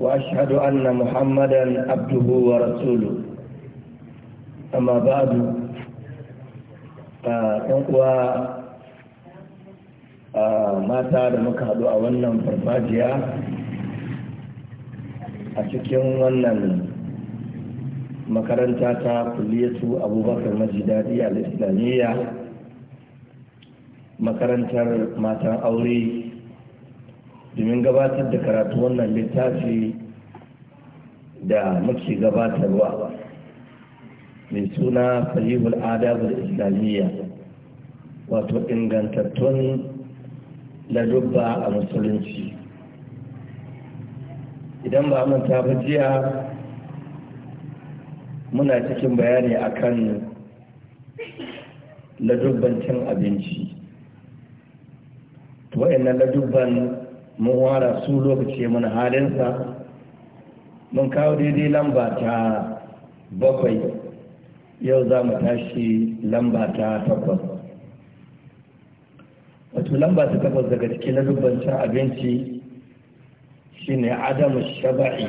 وأشهد muhammadan محمدا عبده ورسوله أما بعد فأقوى mata da muka haɗu a wannan farfajiya a cikin wannan makaranta ta kuliyatu abubakar majidadi al-islamiyya makarantar matan aure domin gabatar da karatu wannan littafi da muke gabatarwa mai suna sahihul adabul islamiyya wato ingantattun ladubba a musulunci idan ba mun ba jiya muna cikin bayani akan ladubban cin abinci to na ladubban mun wara su lokaci mun halinsa mun kawo daidai lamba ta bakwai yau za mu tashi lamba ta takwas wato lamba ta takwas daga cikin lalubancin abinci shine adamu shaba'i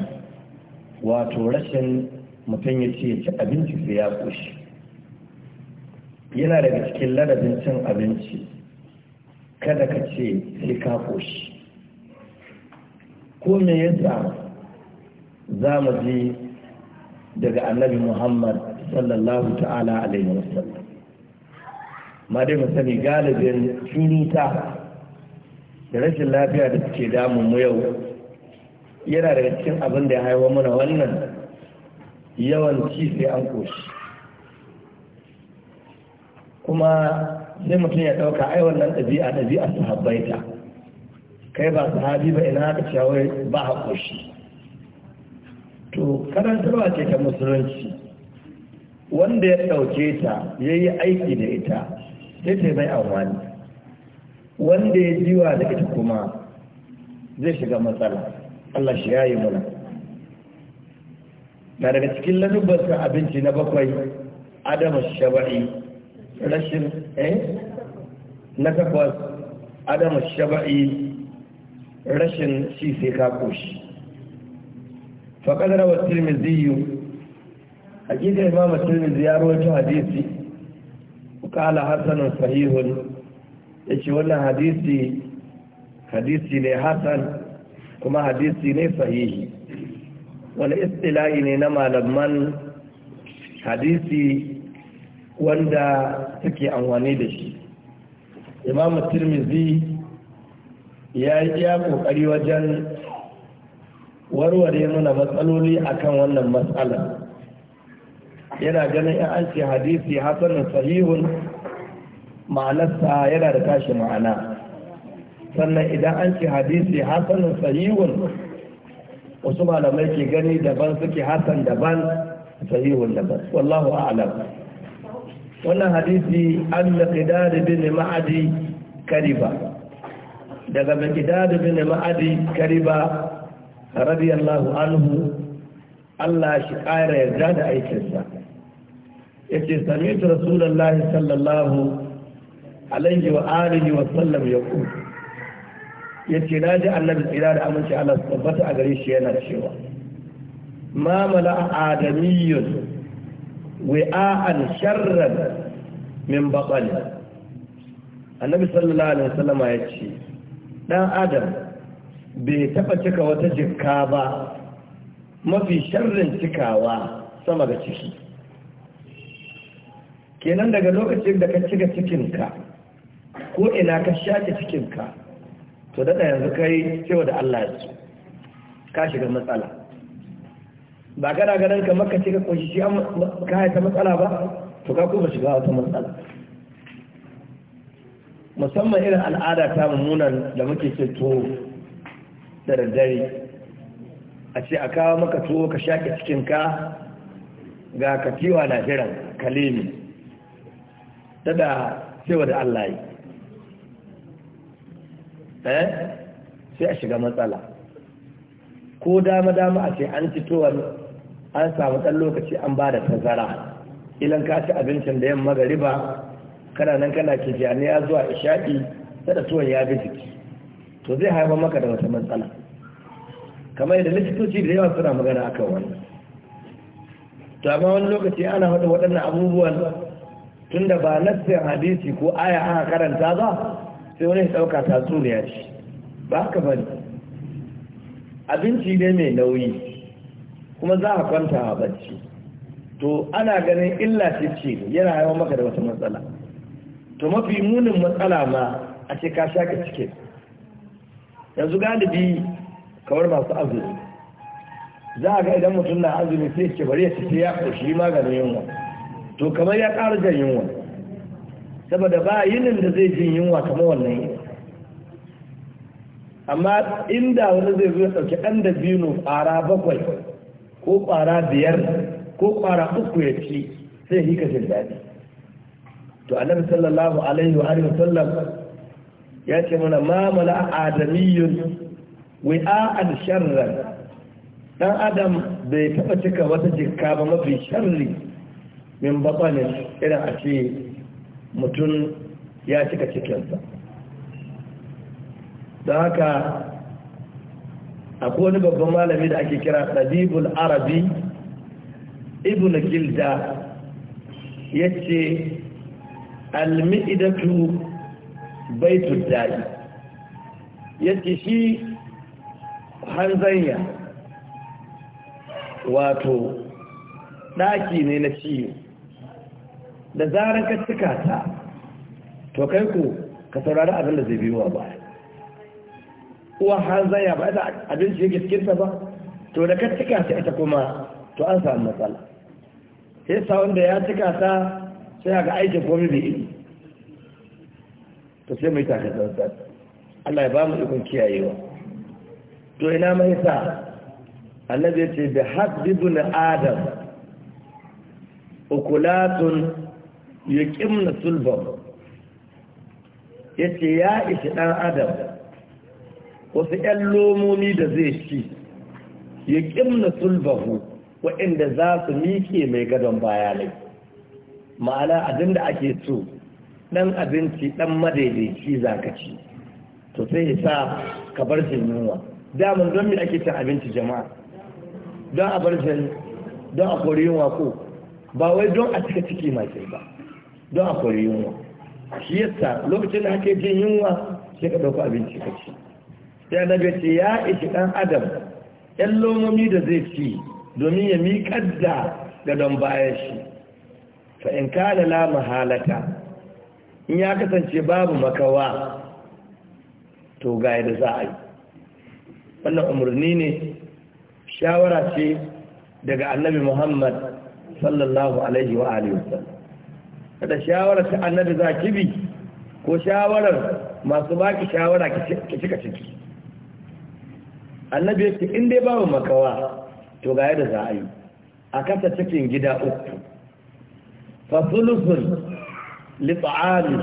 wato rashin mutum ya ce ci abinci sai ya kushi yana daga cikin ladabin cin abinci kada ka ce sai ka kushi ko me yasa za mu ji daga annabi muhammad sallallahu ta'ala alaihi wasallam ma dai mu sani galibin curuta da rashin lafiya da suke damu mu yau yana daga cikin abin da ya haiwa mana wannan yawan ci sai an koshi kuma sai mutum ya ɗauka ai wannan ɗabi'a ɗabi'a su habbaita kai ba sahabi ba ina haka cewa ba a ƙoshi to karantarwa ce ta musulunci wanda ya ɗauke ta ya yi aiki da ita sai ta mai amfani wanda ya jiwa da ita kuma zai shiga matsala Allah shi ya yi muna na daga cikin lalubarsa abinci na bakwai adama shaba'i rashin eh na takwas adama shaba'i rashin shi sai ka koshi faƙadar wa tirmidhiyu hakika imam tirmidhi ya rawaito hadisi ƙala hasanun sahihun ce wannan hadisi hadisi ne Hassan kuma hadisi ne sahihi wani istilahi ne na malaman hadisi wanda suke amfani da shi imam tirmidhi ya yi ya kokari wajen warware mana matsaloli akan wannan matsala yana ganin in an ce hadisi hasanin sahihun ma'anarsa yana da tashi ma'ana sannan idan an ce hadisi hasanin sahihun wasu malamai ke gani daban suke hasan daban sahihun daban wallahu a'lam wannan hadisi an da bin ma'adi kariba daga mai makidad bin ma'adi kariba radiyallahu anhu Allah shi ƙara yarda da aikinsa Ya ce sami ta rasulullahi sallallahu alaihi wa alihi wa sallam ce na naji annabi tsira da aminci Allah tabbata a gare shi yana cewa ma mala'a adamiyyun wi'a'an sharran min baqali annabi sallallahu alaihi wa wasallam ya ce ɗan adam bai taɓa cika wata jikka ba mafi sharrin cikawa sama da ciki kenan daga lokacin da ka cika cikinka ko ina ka shaƙe cikinka to daɗa yanzu kai cewa da Allah ya ka shiga matsala ba kana ganin kamar ka cika ƙunshi shi ka haita matsala ba to ka kuma shiga wata matsala musamman irin al'ada ta mummunan da muke ce tuwo da daddare a ce a kawo maka tuwo ka shaƙe cikinka ga katiwa na jiran kalimi. ta da cewa da Allah yi eh sai a shiga matsala ko dama-dama a ce an fitowar an samu ɗan lokaci an ba da tazara ilan ka ci abincin da yamma gariba kana nan kana ke jami'a zuwa ishaɗi da tuwon ya bi jiki to zai haifar maka da wata matsala kamar yadda likitoci da yawa suna magana akan wannan to amma wani lokaci ana faɗa waɗannan abubuwan tunda ba nassin hadisi ko aya aka karanta ba sai wani ya ɗauka tatsuniya ce ba haka ba abinci ne mai nauyi kuma za a kwanta a bacci to ana ganin illa ce ce yana haifar maka da wata matsala to mafi munin matsala ma a ce ka shaka cikin yanzu galibi kamar masu azumi za a ga idan mutum na azumi sai ce bari ya cike ya ƙoshi maganin yunwa to kamar ya ƙara jan yunwa saboda ba yinin da zai jin yunwa kamar wannan yi amma inda wani zai zo ya ɗauki ɗan da biyu ƙwara bakwai ko ƙwara biyar ko ƙwara uku ya ci sai hika jin daɗi to annabi sallallahu alaihi wa alihi sallam ya ce mana ma mala adamiyyun a'al sharra dan adam bai taba cika wata jikka ba mafi sharri min batani irin a ce mutum ya cika cikinsa don haka akwai wani babban malami da ake kira ɗabibul arabi ibnu gilda ya ce almidatu baitul dadi yace shi hanzanya wato daki ne na ciwo da zarar ka cika ta to kai ku ka saurari abin da zai biyo wa baya uwa hanzanya ba da abinci yake cikinta ba to da ka cika ta ita kuma to an samu matsala sai sa wanda ya cika ta sai ga aiki komi bai to sai mai tashi tsantsan Allah ya ba mu ikon kiyayewa to ina mai sa annabi ya ce bi haddibun adam ukulatun yuqimna sulbam yace ya ishi dan adam wasu ƴan lomomi da zai ci ƙimna sulbahu waɗanda za su miƙe mai gadon bayanai ma'ana abinda ake so ɗan abinci ɗan madaidaici za ka ci to sai ya sa ka bar jin yunwa daman don me ake cin abinci jama'a don a bar jin don a kori yunwa ko ba wai don a cika ciki mai ba don a kori yunwa shi yasa lokacin da ake jin yunwa sai ka ɗauko abinci ka ci sai annabi ce ya ishi ɗan adam ƴan lomomi da zai ci domin ya miƙar da don bayan shi fa in kana la mahalata in ya kasance babu makawa to ga yadda za a yi wannan umarni ne shawara ce daga annabi muhammad sallallahu alaihi wa alihi wasallam kada shawarar ta annabi za ki bi ko shawarar masu baki shawara ki cika ciki annabi yake in dai babu makawa to ga yadda za a yi a kasa cikin gida uku fasulusun lifa'ali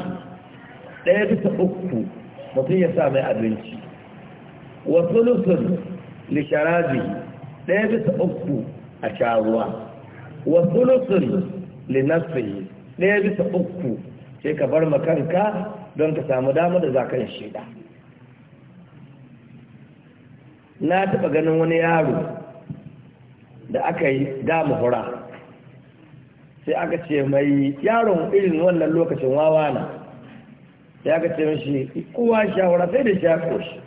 ɗaya bisa uku mutum ya sa mai abinci wa lusun lisharabi ɗaya bisa uku a sha ruwa wa sulusun linafi ɗaya bisa uku sai ka bar makanka don ka samu dama da za ka yi shida na taɓa ganin wani yaro da aka yi damu hura sai aka ce mai yaron irin wannan lokacin wawa na sai aka ce mashi kowa shawara sai da sha koshi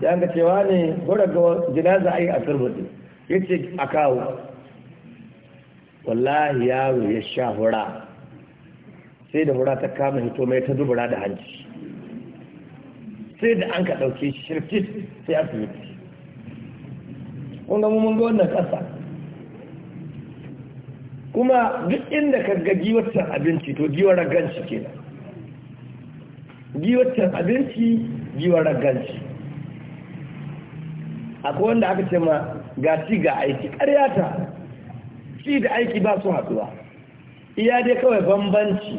sai aka ce wa ne gwada ga jinaza a yi a turbuɗi ya ce a kawo wallahi yaro ya sha hura sai da hura ta kama hito mai ta dubura da hanci sai da an ka ɗauki shirkit sai asibiti kun ga mun ga wannan ƙasa kuma duk inda ka ga giwatar abinci to giwar raganci nan giwatar abinci giwar raganci akwai wanda aka ce ma ga ci ga aiki karyata. ci da aiki ba su haɗuwa iya dai kawai bambanci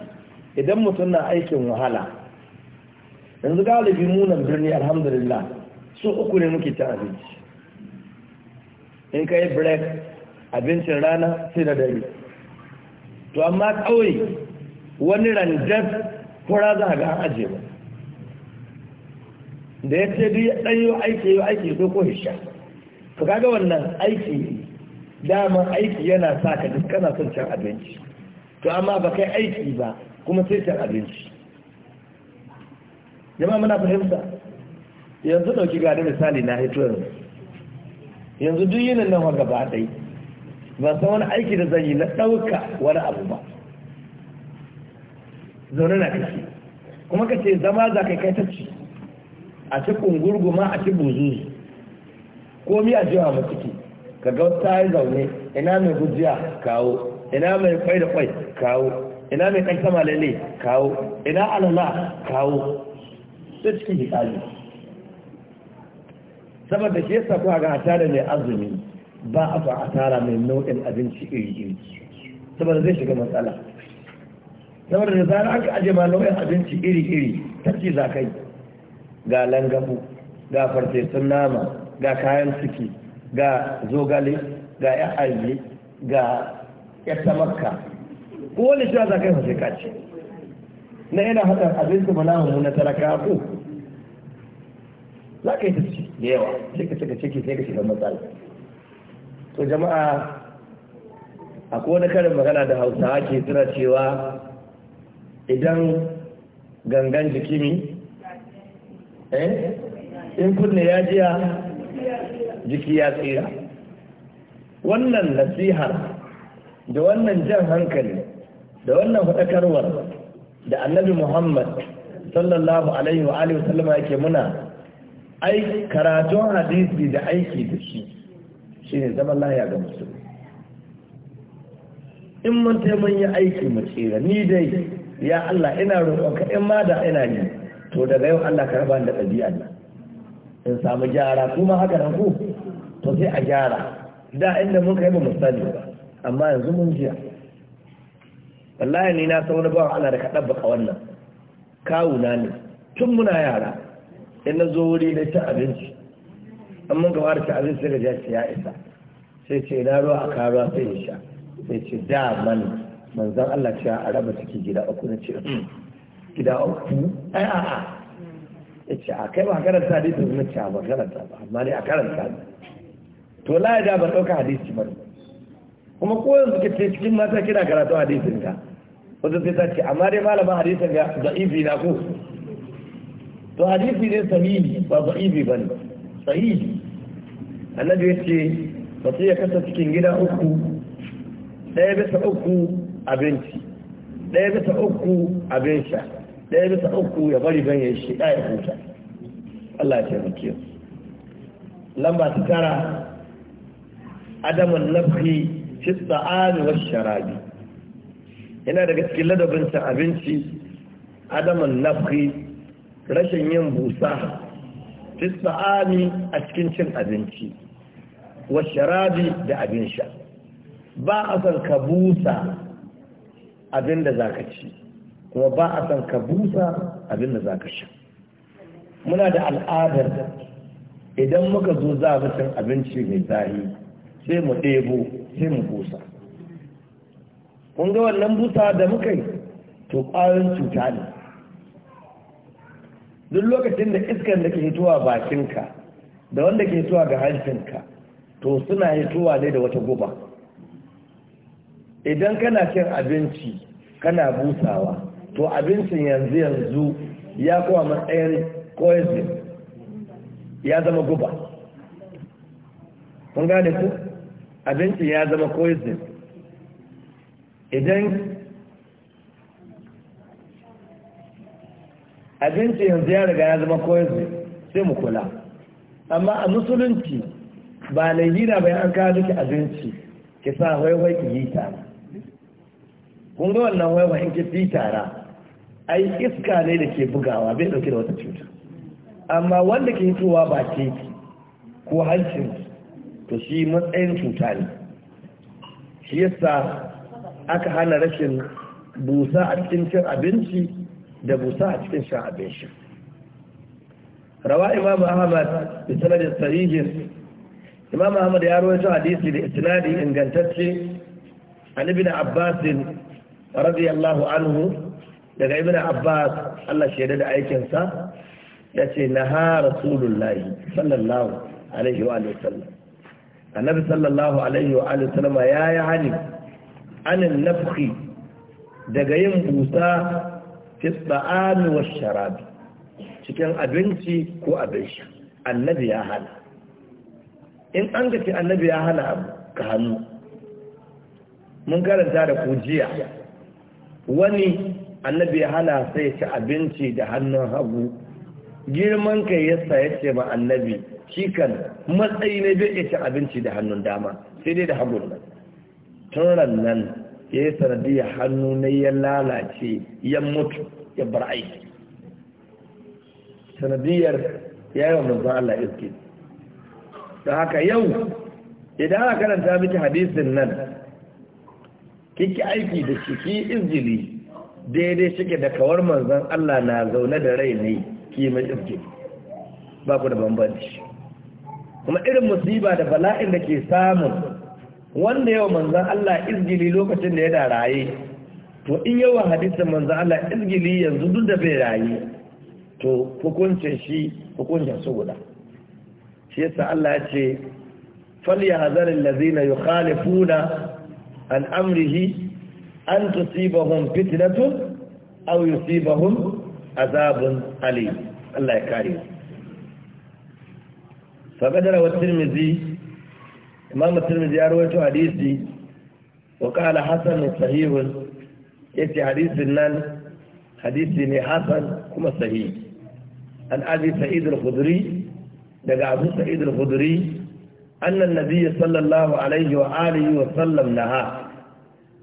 idan mutum na aikin wahala yanzu galibi munan birni alhamdulillah su uku ne muke ta abinci in ka yi break abincin rana sai da dare to amma kawai wani rangar kura za ga an aje ba da ya ce duk ɗan yi aiki yi aiki ko ko hisha to kaga wannan aiki dama aiki yana sa ka duk kana son can abinci to amma ba kai aiki ba kuma sai can abinci jama'a muna fahimta yanzu ɗauki gada misali na hito yanzu yanzu duk yinin nan wa gaba ɗai ba san wani aiki da zan yi na ɗauka wani abu ba zaune na kashi kuma ka ce zama za ka kai tacci a ci kungurguma a ci buzuzu ko miya jiwa ba ciki ka ga wata yi zaune ina mai gujiya kawo ina mai kwai da kwai kawo ina mai kan sama lele kawo ina alala kawo su cikin hikali saboda shi yasa kuwa ga hata da mai azumi ba a ba a tara mai nau'in abinci iri iri saboda zai shiga matsala saboda da zara aka aje ma nau'in abinci iri iri tafki za kai ga langabu ga farfesun nama ga kayan suki ga zogale ga ya aji ga ya tamakka ko wani shi za kai fashe kaci na yana haɗar abinci ba namu na taraka ko za ka yi ta ci da yawa sai ka ciki sai ka shiga matsala to jama'a akwai wani karin magana da hausawa ke tsira cewa idan gangan jiki ne eh in kunne ya jiya jiki ya tsira wannan nasihar da wannan jan hankali da wannan fadakarwar da annabi muhammad sallallahu alaihi wa alihi wasallama yake muna ai karatun hadisi da aiki da shi ne zaman lahiya ga musulmi in mun ta yi aiki mu tsira ni dai ya Allah ina roƙonka in ma da ina ni to daga yau Allah ka raba da ɗabi Allah in samu gyara kuma haka nan ku to sai a gyara da inda mun kai ba mu sani ba amma yanzu mun jiya wallahi ni na san wani Allah da ka ɗabbaka wannan kawuna ne tun muna yara in na zo wuri na ci abinci an mun gaba da abin sai da ya isa sai ce na ruwa a karuwa sai ya sha sai ce da man manzan Allah ce a raba ciki gida uku na ce hmm, gida uku ai a'a ya ce a kai ba karanta hadisi na ce ba karanta ba amma ne a karanta ne to la da ba ɗauka hadisi ba kuma ko yanzu ka ce cikin mata kina karatu hadisin ka wata sai ta ce amma dai malaman hadisin ga da'ifi na ko to hadisi ne sahihi ba da'ifi ba ne sahihi annabi yace mutum ya kasa cikin gida uku ɗaya bisa uku abinci ɗaya bisa uku abin sha ɗaya bisa uku ya bari ban ya shi ya huta Allah ya taimake lamba ta tara adamun nafi fi sa'ani wa sharabi yana daga cikin ladabin abinci adamun nafi rashin yin busa fi sa'ami a cikin cin abinci wa sharabi da abin sha ba a san ka busa abin da za ka ci kuma ba a san ka busa abin da za ka sha muna da al'adar idan muka zo za mu cin abinci mai zahi sai mu ɗebo sai mu busa kun ga wannan busa da muka yi to ƙwayoyin cuta ne duk lokacin da iskar da ke hituwa bakinka da wanda ke hituwa ga harshenka to suna hituwa ne da wata guba idan kana cin abinci kana busawa to abincin yanzu yanzu ya kowa matsayin poison ya zama guba kun gane ku abincin ya zama poison idan abinci yanzu ya riga ya zama koyarwa sai mu kula amma a musulunci ba laihina bai an kawo duka abinci ki sa waiwai ki yi tara kun ga wannan waiwai in ki fi tara ai iska ne da ke bugawa bai dauke da wata cuta amma wanda ke hitowa ba teki ko hancin to shi matsayin cuta ne shi yasa aka hana rashin busa a cikin cin abinci da busa a cikin shan abin shi rawa imam ahmad da sanadin imam ahmad ya rawaito hadisi da isnadi ingantacce an ibn abbas radiyallahu anhu daga ibn abbas Allah shaida da aikinsa ya ce na ha rasulullahi sallallahu alaihi wa sallam annabi sallallahu alaihi wa sallama ya yi hani anin nafki daga yin busa fisba'ani wa sharabi cikin abinci ko abin sha annabi ya hana in an gaci annabi ya hana ka hannu mun karanta da ku jiya wani annabi ya hana sai ci abinci da hannun hagu girman kai yasa ya ce ma annabi Cikan kan matsayi ne bai ci abinci da hannun dama sai dai da hagun nan tun nan ya yi sanadiyar hannu na ya lalace ya mutu ya bar aiki sanadiyar ya yi wa manzan Allah iske da haka yau idan aka karanta miki hadisin nan kiki aiki da shi ki izgili daidai shike da kawar manzan Allah na zaune da rai ne ki mai iske ba ku da bambanci kuma irin musiba da bala'in da ke samun wanda yawa manzan Allah izgili lokacin da ya da raye to in yawa hadisa manzan Allah izgili yanzu duk da bai raye to hukunce shi hukunce su guda shi yasa Allah ya ce falya hazarin lazina yi khalifu na al’amrihi an tusibahun fitinatun au yusibahun azabun ali Allah ya kare su. فقدر والترمذي imam tirmidhi ya rawaito hadisi wa qala hasan sahih yace hadisin nan hadisi ne hasan kuma sahih an abi sa'id al-khudri daga abu sa'id al-khudri annan nabiyyi sallallahu alaihi wa alihi wa sallam naha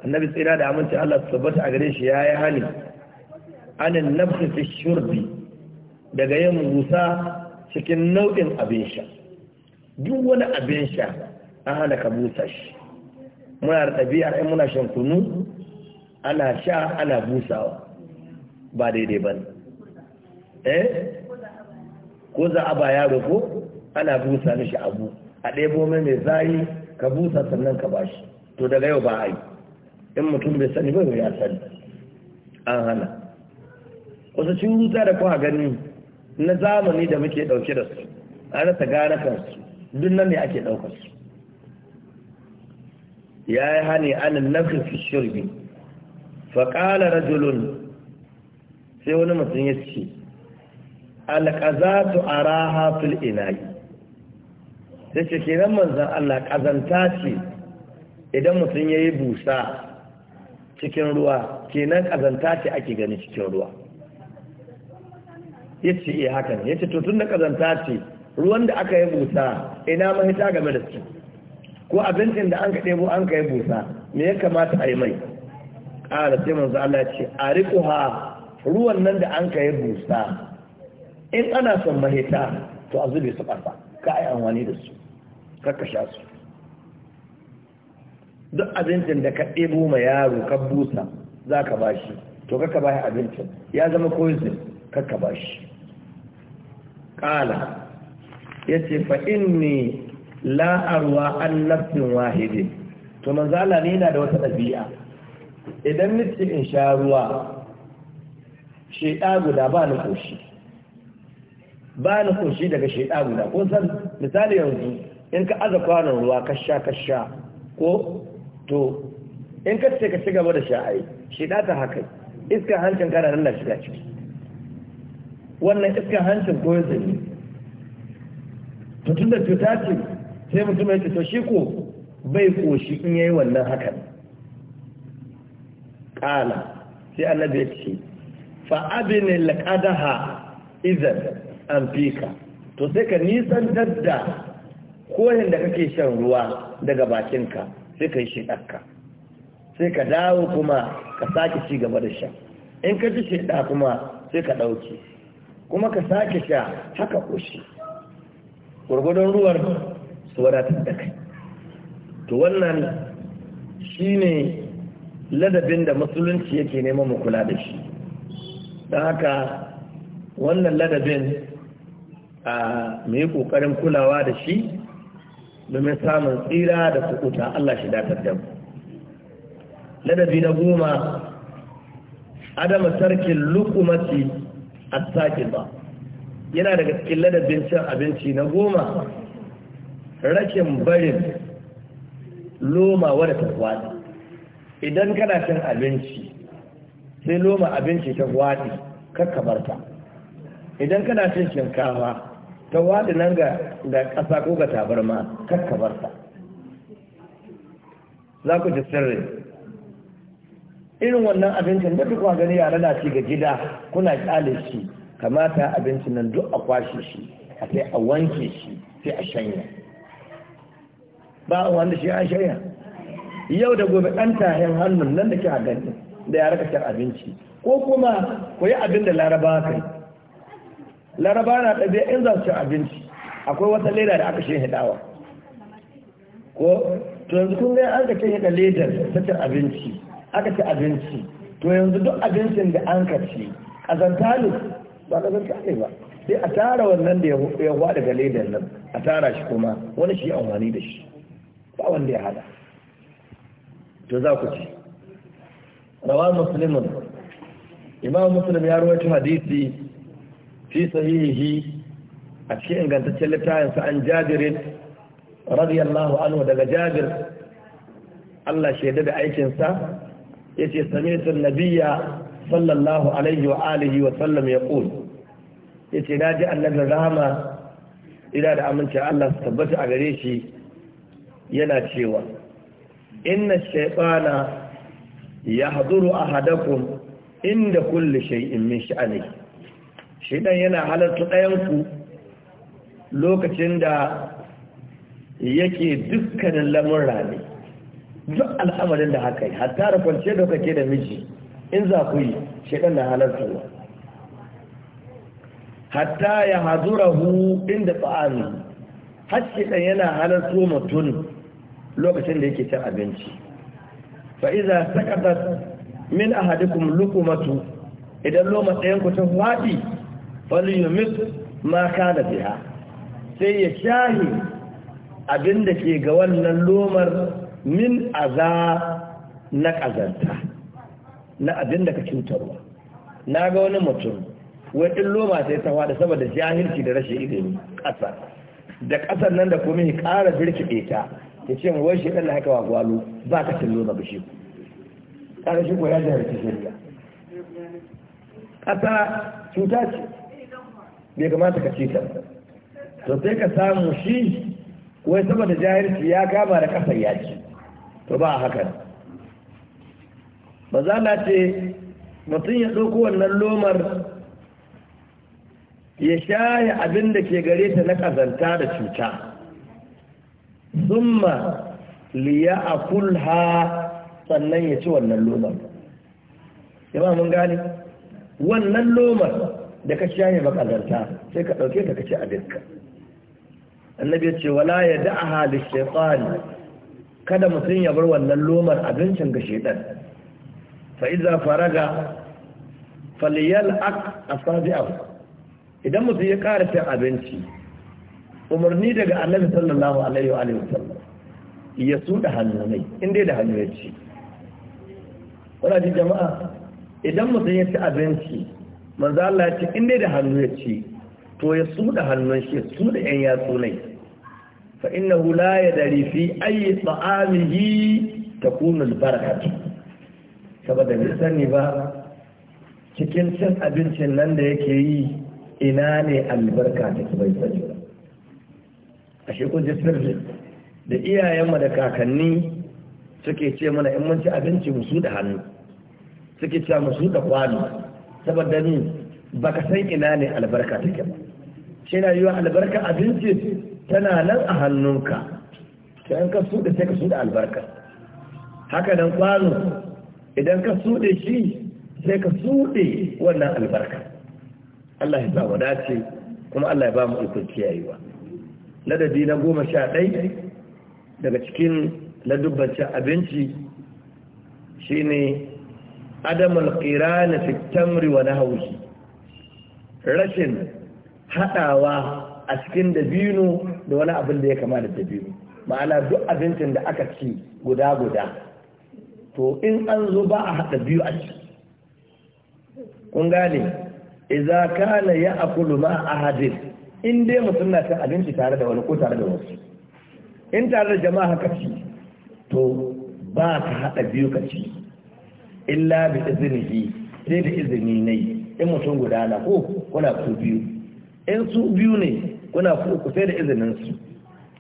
annabi tsira da aminci Allah tabbata a gare shi yayi hali an nafsi fi shurbi daga yin musa cikin nau'in abin sha duk wani abin sha an hana ka busa shi muna da ɗabi'ar in muna shan kunu ana sha ana busawa ba daidai ba ne eh ko za a ba yaro ko ana busa mishi abu a ɗebo mai mai zari ka busa sannan ka bashi to daga yau ba a yi in mutum bai sani bai ya sani an hana wasu cin ruta da kuwa gani na zamani da muke ɗauke da su a rasa gane kansu duk nan ne ake ɗaukar su ya yi hane an nafi fi shirbi faƙala rajulun sai wani mutum ya ce alƙazatu a raha fil inayi sai ce ke nan manzan Allah ƙazanta ce idan mutum ya yi busa cikin ruwa kenan ƙazanta ce ake gani cikin ruwa ya ce iya hakan ya ce tutun da ƙazanta ce ruwan da aka yi busa ina mahita game da su ko abincin da an ka ɗebo an ka yi busa me ya kamata a yi mai ƙara sai manzo Allah ce a ha ruwan nan da an ka yi busa in ana son mahita to a zube su ƙasa ka yi amfani da su ka sha su duk abincin da ka ɗebo ma yaro ka busa za ka ba shi to ka ba shi abincin ya zama poison ka ba shi ƙala ya ce fa'in ne la arwa an nafsin wahidin to manzala ne yana da wata ɗabi'a idan nufin in sha ruwa sheɗa guda ba ni koshi ba ni koshi daga sheɗa guda ko san misali yanzu in ka aza kwanon ruwa ka sha ka sha ko to in ka ce ka ci gaba da sha'ai sheɗa ta haka iska hancin kana nan da shiga ciki wannan iska hancin ko yanzu ne to da cuta ce sai mutum ya to shi ko bai koshi in yayi wannan hakan kala sai annabi ya ce fa abini laqadaha idan an fika to sai ka nisan dadda kohin da kake shan ruwa daga bakinka sai ka yi dakka sai ka dawo kuma ka sake ci gaba da sha in ka ji shiɗa kuma sai ka ɗauke kuma ka sake sha haka koshi. gwargwadon ruwan wadatar da kai to wannan shi ne ladabin da musulunci yake neman mu kula da shi dan haka wannan ladabin a mai kokarin kulawa da shi domin samun tsira da kukuta Allah shi datar da mu ladabi na goma adama sarkin lukumati a sakin ba yana daga cikin ladabin cin abinci na goma rashin barin loma wadda ta gwaɗi idan kana cin abinci sai loma abinci ta gwaɗi kakkabar ta idan kana cin shinkawa ta gwaɗi nan ga ƙasa ko ga tabarma kakkabar ta za ku ji sirri irin wannan abincin da duk gani yara na ci ga gida kuna kyale shi kamata abincin nan duk a kwashe shi a sai a wanke shi sai a shanya ba a wanda shi an shirya yau da gobe ɗan tahin hannun nan da ke a gani da ya raka cin abinci ko kuma ku yi abin da laraba kai laraba na ɗabi in za su cin abinci akwai wata leda da aka shi hidawa ko to yanzu kun ga an ka cin hida ledar ta cin abinci aka ci abinci to yanzu duk abincin da an ka ci ƙazanta ne ba ƙazanta ne ba sai a tara wannan da ya faɗi daga ledar nan a tara shi kuma wani shi amfani da shi ba wanda ya hada to za ku ci rawa muslimun imam muslim ya rawaito hadisi fi sahihihi a cikin ingantaccen littafin sa an jabirin radiyallahu anhu daga jabir Allah shaida da aikin sa yace sami'tu nabiyya sallallahu alaihi wa alihi wa sallam ya yaqul yace ji annabi rahama ila da aminci Allah su tabbata a gare shi yana cewa inna shaytana a ahadakum inda kulli shay'in min sha'ani shaytan yana halarta ɗayan ku lokacin da yake dukkanin lamurra ne duk al'amarin da haka yi hatta da kwanciyar da kake da miji in za ku yi shaytan na halartarwa hatta ya hadurahu inda tsa'ani har shaytan yana halarta mutum lokacin da yake cin abinci fa'iza ta kasar min ahadikum lukumatu idan loma ɗayan ku ta fadi falyumit ma kana biha sai ya shahi da ke ga wannan lomar min aza na kazanta na abin da ka cutarwa na ga wani mutum in loma sai ta fada saboda jahilci da rashin ilimi ƙasa da ƙasar nan da kuma ya ƙara birkiɗe ta ta ce wai shi ɗan haka wa ba ka tillo ba bashi ku kaga shi ko ya shari'a ƙasa cuta ce bai kamata ka ce ta to sai ka samu shi wai saboda jahilci ya kama da ƙasar ya to ba hakan ba za na ce mutum ya ɗauko wannan lomar ya shaya abin da ke gare ta na ƙazanta da cuta liya a kulha sannan ya ci wannan lomar jama'a mun gani. wannan lomar da ka shaye makazarta sai ka ɗauke ta ka ci abinka annabi ya ce wala ya a halis Shekwani. kada mutum ya bar wannan lomar abincin ga shaitan fa faraga faliyal ak asabi'ahu idan mutum ya ƙara cin abinci umarni daga annabi sallallahu alaihi wa sallam ya su da hannunai inda da hannu ya ci wadda ji jama'a idan mutum ya ci abinci manzo Allah ya ce inda da hannu ya ci to ya su da hannun shi su da yan yatsu ne fa innahu la yadri fi ayi ta'amihi takunu albarakatu saboda bai sani ba cikin cin abincin nan da yake yi ina ne albarka take bai sani ba a kun ji da iyayenmu da kakanni suke ce mana in mun ci abinci musu da hannu suke cewa musu da kwano saboda ni ba ka san ina ne albarka take ba shi na wa albarka abinci tana nan a hannunka ta yanka ka suɗe sai ka su da albarka haka nan kwano idan ka suɗe shi sai ka suɗe wannan albarka Allah ya sa wadace kuma Allah ya ba mu ikon kiyayewa ladabi na goma sha ɗai daga cikin ladubbancin abinci shi ne adam alƙira na fitamri wa na haushi rashin haɗawa a cikin dabino da wani abin da ya kama da dabino ma'ana duk abincin da aka ci guda-guda to in an zo ba a haɗa biyu a ci kun gane iza kana ya akulu ma ahadin in dai mutum na cin abinci tare da wani ko tare da wasu in tare da jama'a haka ci to ba ka haɗa biyu ka ci illa bi izinihi sai da izini ne in mutum guda na ko kuna ku biyu in su biyu ne kuna ku uku sai da izinin su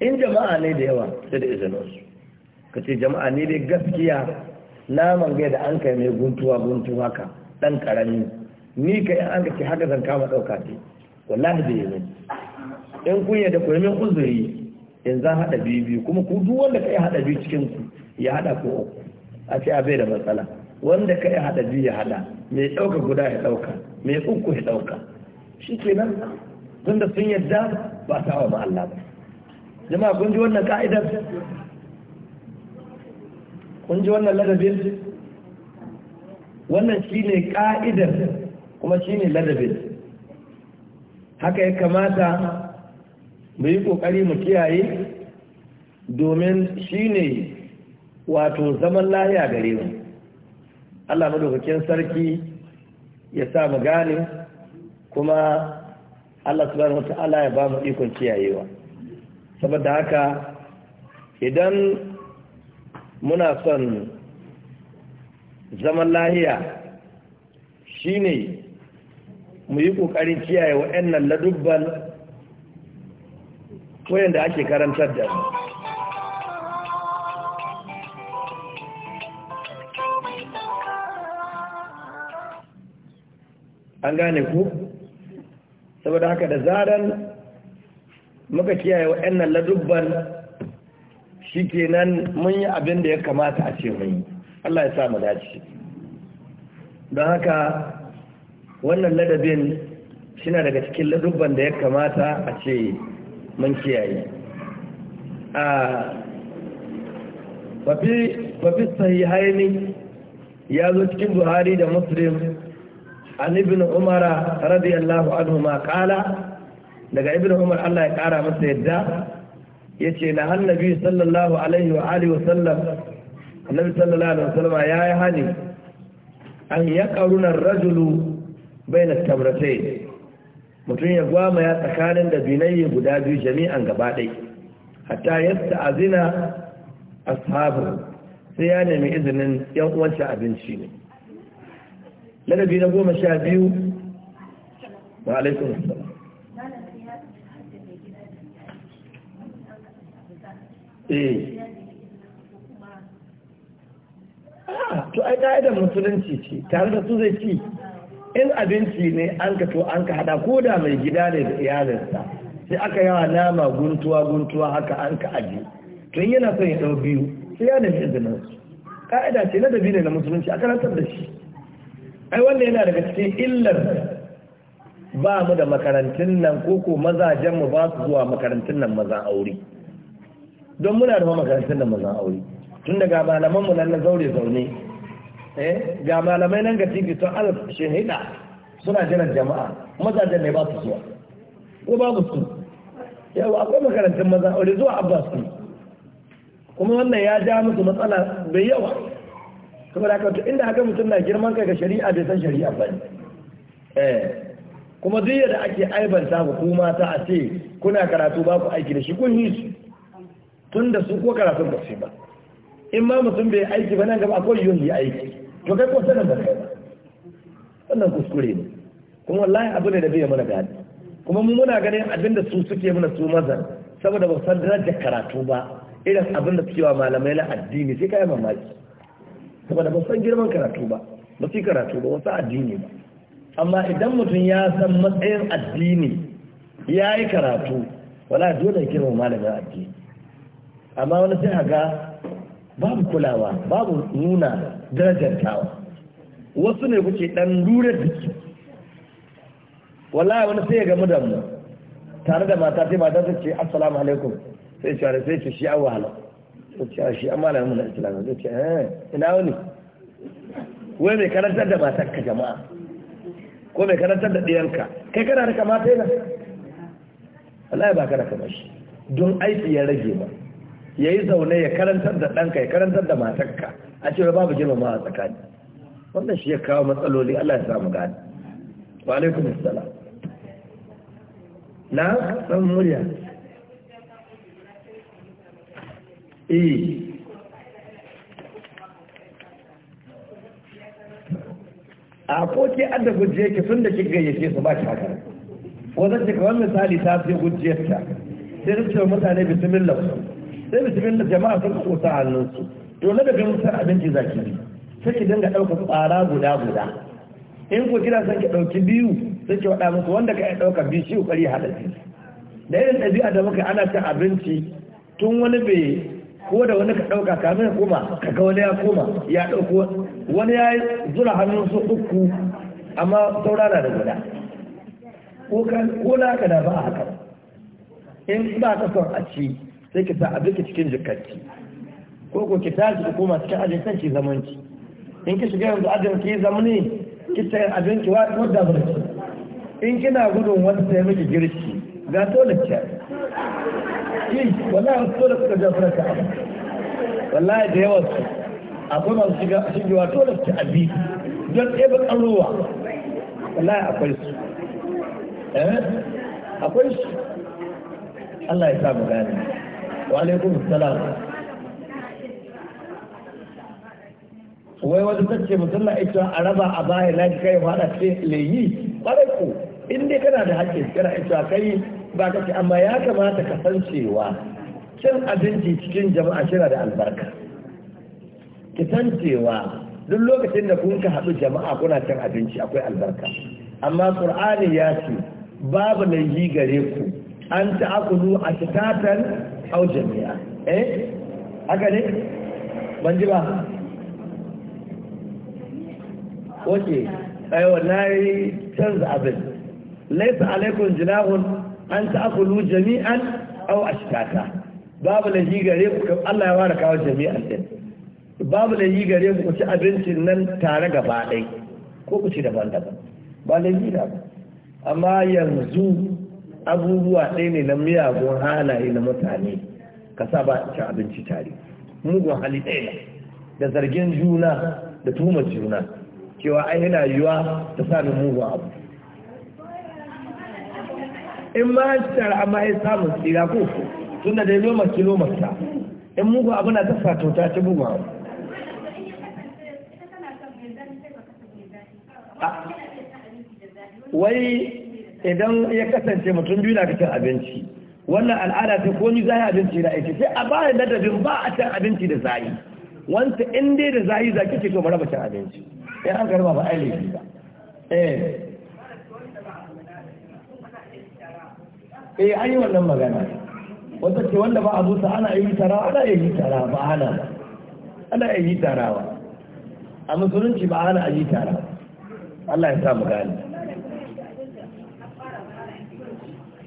in jama'a ne da yawa sai da izinin su ka ce jama'a ne dai gaskiya naman gai da an kai mai guntuwa guntuwa ka dan karami ni ka yi an ka ce haka zan kama ɗauka ce wallahi bai yi in kun yadda ku min uzuri in za haɗa biyu kuma ku duk wanda ka yi haɗa biyu cikin ku ya haɗa ko uku a ce a bai da matsala wanda ka yi haɗa biyu ya haɗa mai ɗauka guda ya ɗauka mai uku ya ɗauka shi tun da sun yadda ba ta wa Allah ba jama'a kun ji wannan ka'idar kun ji wannan ladabin wannan shi ne ka'idar kuma shi ne ladabin haka ya kamata mu yi ƙoƙari mu kiyaye domin shi ne wato zaman lahiya gare mu Allah madaukakin sarki ya sa mu gane kuma Allah subhanahu wata'ala ya ba mu ikon kiyayewa saboda haka idan muna son zaman lahiya shine mu yi ƙoƙarin kiyaye waɗannan ladubban da ake karantar da mu an gane ku saboda haka da zaran muka kiyaye waɗannan ladubban shikenan mun yi abin da ya kamata a ce mai, Allah ya sa mu dace don haka wannan ladabin shina daga cikin ladubban da ya kamata a ce mun kiyaye a fafi sahihaini ya zo cikin buhari da muslim an ibn umara radiyallahu anhu ma kala daga ibn umar allah ya kara masa yadda ya ce na hannabi sallallahu alaihi wa alihi wasallam annabi sallallahu alaihi wasallam ya yi hani an ya ƙarunar rajulu Bai na tamratai mutum ya gwama ya tsakanin da binayi guda biyu jami'an gaba ɗai hatta yasta a ashabu sai ya nemi izinin yan uwanci abinci ne ladabi na goma sha biyu wa alaikun assalam eh ah, to ai ka'idar musulunci ce tare da su zai ci in abinci ne an ka to an ka hada ko da mai gida ne da iyalinsa sai aka yawa nama guntuwa guntuwa haka an ka aji tun yana son ya dau biyu sai ya nemi izinin su ka'ida ce na dabi ne na musulunci a karantar da shi ai wannan yana daga cikin illar ba mu da makarantun nan ko ko mazajen mu ba su zuwa makarantun nan maza aure don muna da makarantun nan maza aure tun daga malaman mu nan na zaure zaune Eh, ga malamai nan ga tv sun alif shahida suna jiran jama'a mazajen ne ba su zuwa ko ba su yawa akwai makarantun maza aure zuwa abbas ne kuma wannan ya ja musu matsala mai yawa kuma da kawai inda haka mutum na girman kai ga shari'a bai san shari'a ba ne eh, kuma duk yadda ake aibanta ba kuma ta a ce kuna karatu ba ku aiki da shi kun yi su tun da su ko karatun ba su ba in ma mutum bai aiki ba nan gaba akwai yiwuwar yi aiki to kai ko sanin ba kai ba wannan kuskure ne kuma wallahi abu ne da bai mana gani kuma mu muna ganin abin da su suke mana su mazan saboda ba san da karatu ba irin abin da suke wa malamai na addini sai kai mamaki saboda ba san girman karatu ba ba su karatu ba wasu addini ba amma idan mutum ya san matsayin addini ya yi karatu wala dole ya wa malamin addini amma wani sai ga babu kulawa babu nuna darajar tawa wasu ne kuke dan lura da su wallahi wani sai ya gamu da mu tare da mata sai mata ta ce assalamu alaikum sai ce sai ce shi an wahala sai ce shi amma malamin mun na islam sai ce eh ina wani wai mai karantar da matar ka jama'a ko mai karantar da diyanka kai kana da kamata yana wallahi ba kana kamar shi don aiki ya rage ba ya yi zaune ya karantar da ɗanka ya karantar da matarka a cewa babu girmama a tsakani wannan shi ya kawo matsaloli Allah ya samu gani wa alaikum isala na san murya e a koke ke an da gujje ki tun da ki gayyace su ba ki haka ko zan wani misali ta fi ta sai ta ce mutane bismillah sai da jama'a sun ko sa hannunsu to na daga musa abinci zaki bi sai ki dinga ɗaukar tsara guda guda in ku kira sai ki ɗauki biyu sai ki waɗa musu wanda ka ɗaukar biyu shi ƙoƙari haɗa biyu da irin ɗabi'a da muka ana cin abinci tun wani bai ko da wani ka ɗauka kamin ya koma kaga wani ya koma ya ɗauko wani ya zura hannun su uku amma saura na da guda ko na ka da ba a haka in ba ka son a ci sai ki sa a duka cikin jikarki ko ko ki tashi ki koma cikin ajin kan ki zamanci in ki shiga yanzu ajin ki zamani ki ta abin ki wadda ba in kina gudun wata sai miki girki ga tola ki yi wallahi wasu tola suka jafara ka abu wallahi da yawa su akwai masu shiga shigewa tola ki abi don ɗaya ba ruwa wallahi akwai su eh akwai su Allah ya sa mu gane wa salam wai wata tace musalla ita a raba a baya na kai fada ce leyi kwarai ku in dai kana da haƙƙi kana ita kai ba ka ce amma ya kamata ka san cewa cin abinci cikin jama'a shira da albarka ki san cewa duk lokacin da kun ka haɗu jama'a kuna cin abinci akwai albarka amma ƙur'ani ya ce babu layi gare ku an ta'akulu a shitatan au jami'a eh haka ne ban ji ba oke aiwa na yi canza abin laisa alaikun jinahun an ta'akulu jami'an au ashkata babu yi gare ku Allah ya ware kawo jami'an din babu yi gare ku ci abincin nan tare gaba ɗai ko ku ci daban-daban ba lahi na da amma yanzu abubuwa ɗaya ne na miyagun halaye na mutane ka sa ba cin abinci tare mugun hali ɗaya ne da zargin juna da tuhumar juna cewa ai yana yiwa ta samun mugun abu in ma tara amma ya samun tsira ko tun da dai loma kilomita in mugun abu na ta tota ta mugun abu wai idan ya kasance mutum biyu na cin abinci wannan al'ada ta komi zai abinci da aiki sai a bayan ladabin ba a cin abinci da zayi wanta in dai da zayi za ce to mara cin abinci in an karba ba aile ba eh eh an yi wannan magana wata ce wanda ba a busa ana yi tarawa ana yi tarawa ba ana ana yi tarawa a musulunci ba ana a yi tarawa Allah ya sa mu gani.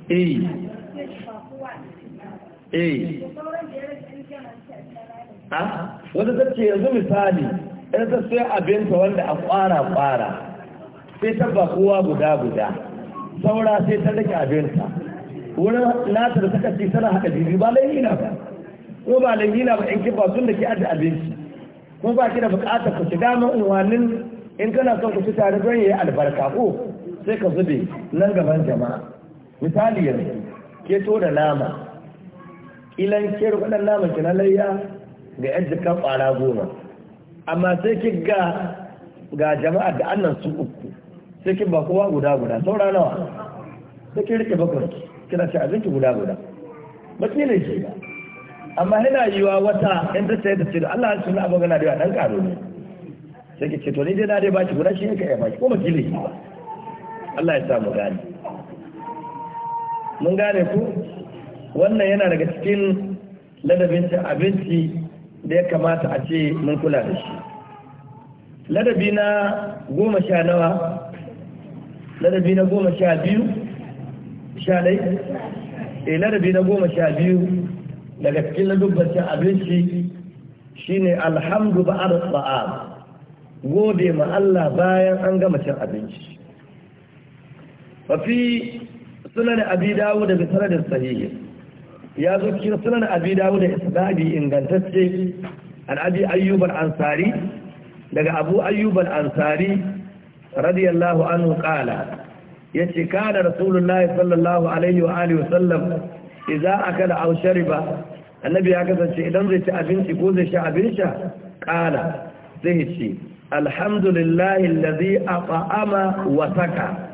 eh eh ha wanda ta yanzu misali ɗan ta sai abinta wanda a ƙwara-ƙwara sai ta bakuwa guda-guda saura sai ta rike abinta wurin nata da suka ce tana haka jiri ba laifi na ba ko ba laifi na ba in kifa ba sun da ke ajiye abinci ko ba ki da bukatar ku shiga mai unwanin in kana son ku ci tare don yi albarka ko sai ka zube nan gaban jama'a misali yanzu keto da nama ilan kero rukunan nama ki na layya ga yan jikan kwara goma amma sai ki ga ga jama'a da annan su uku sai ki ba kowa guda guda saura nawa sai ki rike bakwai kina ci abinci guda guda ba ki ne ke ba amma yana yiwa wata yan ta sayar da ce da Allah ya suna abu gana da yawa dan karo ne sai ki ce to ni dai na dai ba ki guda shi ne ka iya ba ki ko ki ne ba Allah ya samu gani mun gane ku wannan yana daga cikin ladabin abinci da ya kamata a ce mun kula da shi ladabi na goma sha nawa ladabi na goma sha biyu sha dai e eh, ladabi na goma sha biyu daga cikin ladubban abinci shine alhamdu ba'ar gode ma Allah bayan an gama cin abinci mafi sunan abi dawo da sanadin sahihi ya zo cikin sunan abi dawo da isnadi ingantacce an abi ayyub ansari daga abu ayyuban ansari radiyallahu anhu qala yace kana rasulullahi sallallahu alaihi wa alihi wasallam idza akala aw shariba annabi ya kasance idan zai ci abinci ko zai sha abin sha qala zai ce alhamdulillahi allazi aqama wa saka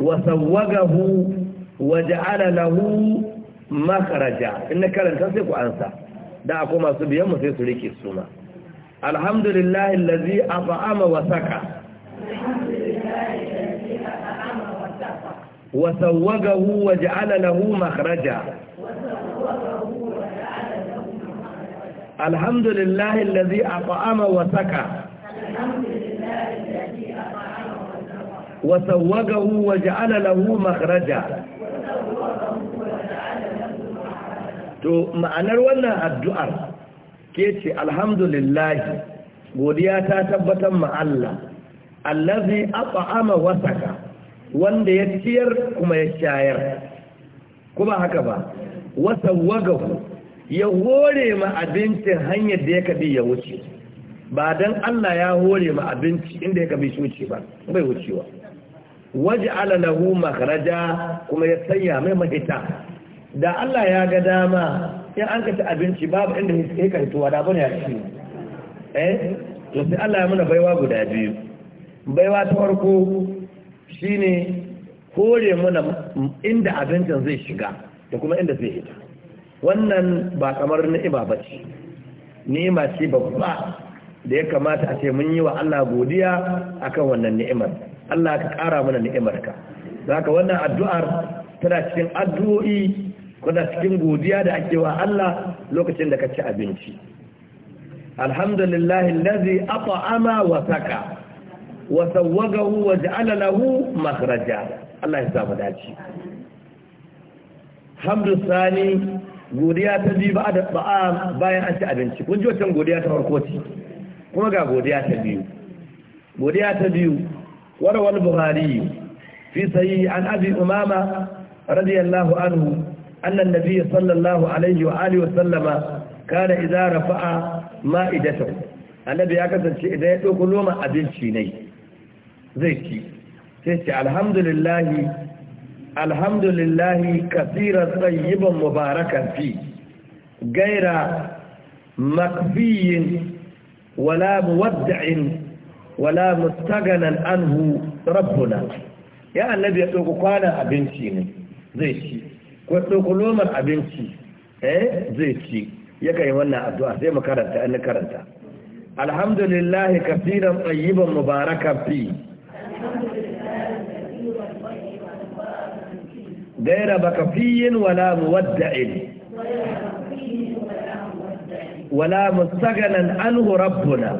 wa sawwagahu waja'ala lahu makaraja in na karanta sai ku ansa da akwai masu biyan mu sai su rike suna alhamdulillahi allazi af'ama wa saka wa sawwagahu waja'ala lahu makhraja alhamdulillahi allazi af'ama wa saka wa sawwagahu waja'ala lahu makhraja to ma'anar wannan addu'ar ke ce alhamdulillahi godiya ta tabbatar ma Allah allazi at'ama wasaka wanda ya ciyar kuma ya shayar kuma haka ba wasawwagahu ya hore ma abincin hanyar da ya kabi ya wuce ba dan Allah ya hore ma abinci inda ya bi shi wuce ba bai wucewa waj'ala lahu makhraja kuma ya sanya mai mahita da Allah ya ga dama in an ka ci abinci babu inda ya kartuwa da bane ya ci eh to sai Allah ya muna baiwa guda biyu baiwa ta farko shine kore muna inda abincin zai shiga da kuma inda zai fita wannan ba kamar ni'ima ba ce ni'ima ce babba da ya kamata a ce mun yi wa Allah godiya akan wannan ni'imar Allah ka kara mana ni'imarka ka zaka wannan addu'ar tana cikin addu'o'i kuna cikin godiya da ake wa Allah lokacin da ka ci abinci alhamdulillah allazi at'ama wa saka wa sawwagahu wa ja'ala lahu makhraja Allah ya sa dace hamdu sani godiya ta biyu ba da ba'a bayan an ci abinci kun ji wancan godiya ta farko ce kuma ga godiya ta biyu godiya ta biyu warawal buhari fi sahihi an abi umama radiyallahu anhu أن النبي صلى الله عليه وآله وسلم كان إذا رفع مائدته النبي أكثر شيء إذا يتوقع لهم أبيل شيني زيكي تيسي الحمد لله الحمد لله كثيرا طيبا مباركا فيه غير مكفي ولا مودع wala mustaganan anhu rabbuna ya annabi ya dauko kwana abinci ne zai ci ko ɗauko lomar abinci eh, zai ci ya kai wannan addu'a sai mu karanta an karanta alhamdulillahi kafiran tsayiban mubaraka fi gaira baka fiyin wala muwadda'in wala mustaganan anhu rabbuna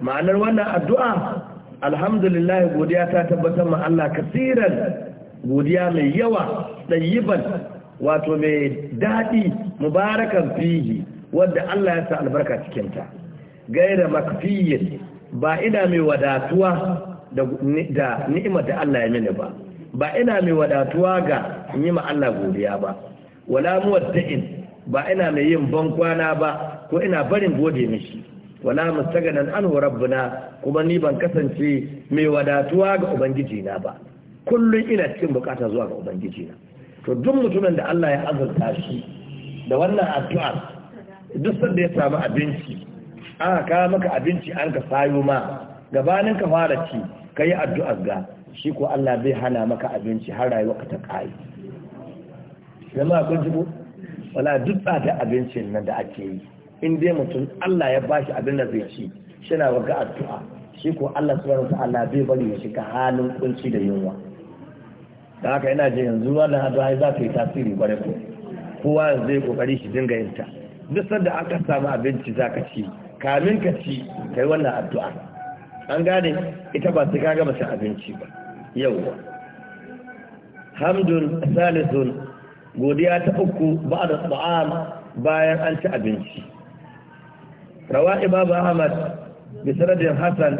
ma'anar wannan addu'a alhamdulillahi godiya ta tabbatar ma Allah kasiran godiya mai yawa ɗayyiban wato mai daɗi mubarakan fiye wadda Allah ya sa albarka cikinta gaira makfiyin ba ina mai wadatuwa da ni'ima da Allah ya mini ba ba ina mai wadatuwa ga yi ma Allah godiya ba wala muwadda'in ba ina mai yin bankwana ba ko ina barin gode mishi wala mustaganan anhu rabbuna kuma ni ban kasance mai wadatuwa ga ubangiji na ba kullum ina cikin bukata zuwa ga ubangiji na to duk mutumin da Allah ya azurta shi da wannan addu'a duk sanda ya samu abinci aka kawo maka abinci an ka sayo ma gabanin ka fara ci kai addu'a ga shi ko Allah bai hana maka abinci har ka ta kai jama'a kun ji ko wala duk tsada abincin nan da ake yi in dai mutum Allah ya bashi abin da zai ci shi na ga addu'a shi ko Allah subhanahu wa ta'ala bai bari ya shiga halin kunci da yunwa da haka yana je yanzu wannan addu'a za ta yi tasiri bare ko kowa zai kokari shi dinga yin ta duk sanda aka samu abinci za ka ci kamin ka ci kai wannan addu'a an gane ita ba sai ka gama abinci ba yau hamdun salisun godiya ta uku ba da tsa'am bayan an ci abinci rawa imam ahmad bi Hassan, hasan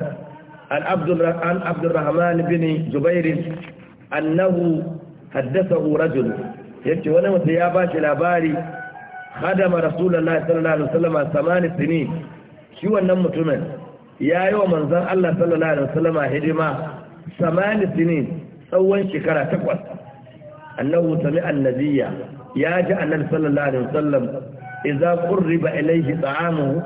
an abdurrahman bin jubair annahu haddathahu rajul yace wani mutum ya ba shi labari hadama rasulullahi sallallahu alaihi wasallam samani sini shi wannan mutumin ya yi wa manzan Allah sallallahu alaihi wasallama hidima samani sini tsawon shekara takwas annahu sami annabiya ya ji annabi sallallahu alaihi wasallam idza qurriba ilayhi ta'amuhu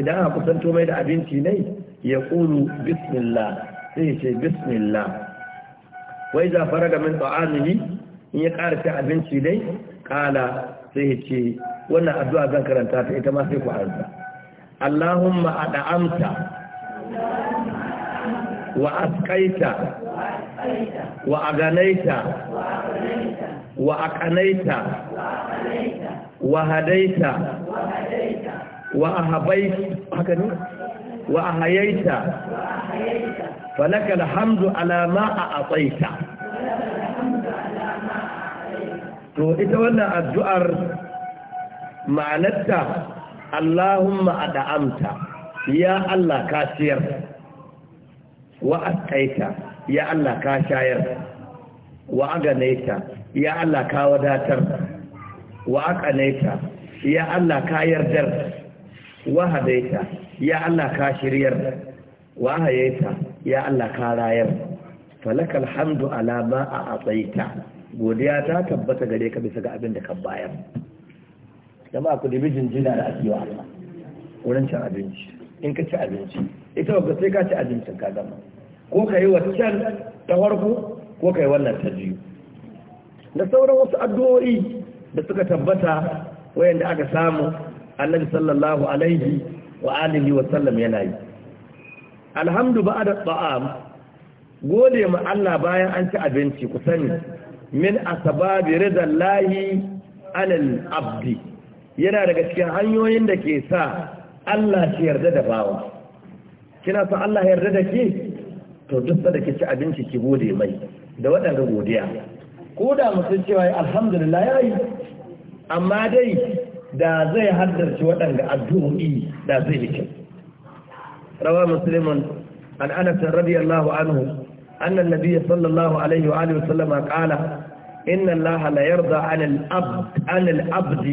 idan aka kusanto mai da abinci ne ya kulu bismillah sai ya ce bismillah wai za fara da min ta'amihi in ya ƙara cin abinci dai ƙala sai ya ce wannan addu'a zan karanta ta ita ma sai ku arza Allahumma ad'amta wa askaita wa aganaita wa aqanaita wa hadaita wa ahabaita haka ne wa ahayaita فلك الحمد على ما أعطيت وإذا الدعر معنتا اللهم أدعمت يا الله كاسير وأتيت يا الله كاشاير وأغنيت يا الله كاوداتر وأقنيت يا الله كايردر وهديت يا الله كاشرير وهيت ya Allah ka rayar falakal hamdu ala ma a atsaita godiya ta tabbata gare ka bisa ga abin da ka bayar jama'a ku dubi jinjina da ake wa Allah wurin cin abinci in ka ci abinci ita ba sai ka ci abincin ka gama ko kai yi wata can ta farko ko kai yi wannan ta biyu da sauran wasu addu'o'i da suka tabbata wayanda aka samu annabi sallallahu alaihi wa alihi wa sallam yana yi alhamdu ba da ta'am gode ma Allah bayan an ci abinci ku sani min rizal lahi alal abdi yana daga cikin hanyoyin da ke sa Allah shi yarda da bawa kina sa Allah yarda da ke to duk da ke ci abinci ki gode mai da waɗanda godiya ko da mutum cewa alhamdulillah yi amma dai da zai haddarci waɗanda addu'o'i da zai yi kyau روى مسلم عن انس رضي الله عنه ان النبي صلى الله عليه واله وسلم قال ان الله لا يرضى عن العبد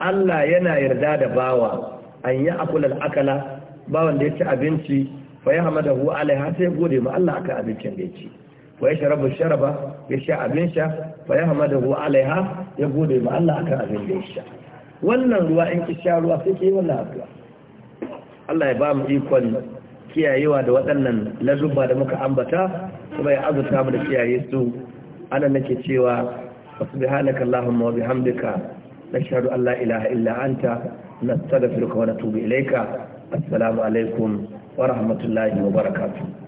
عن العبد da bawa an ya'kul al-akala bawan da yace abinci fa yahmada hu alaiha sai gode ma Allah aka abincin da yace fa yashrabu sharaba yasha abinsha fa yahmada hu alaiha ya gode ma Allah aka abincin da yace wannan ruwa in ki sha ruwa sai ke wannan abu Allah ya ba mu ikon kiyayewa da waɗannan lazubba da muka ambata kuma ya azurta mu da kiyaye su ana nake cewa subhanaka allahumma wa bihamdika nashhadu an la ilaha illa anta nastaghfiruka wa natubu ilayka assalamu alaikum wa rahmatullahi wa barakatuh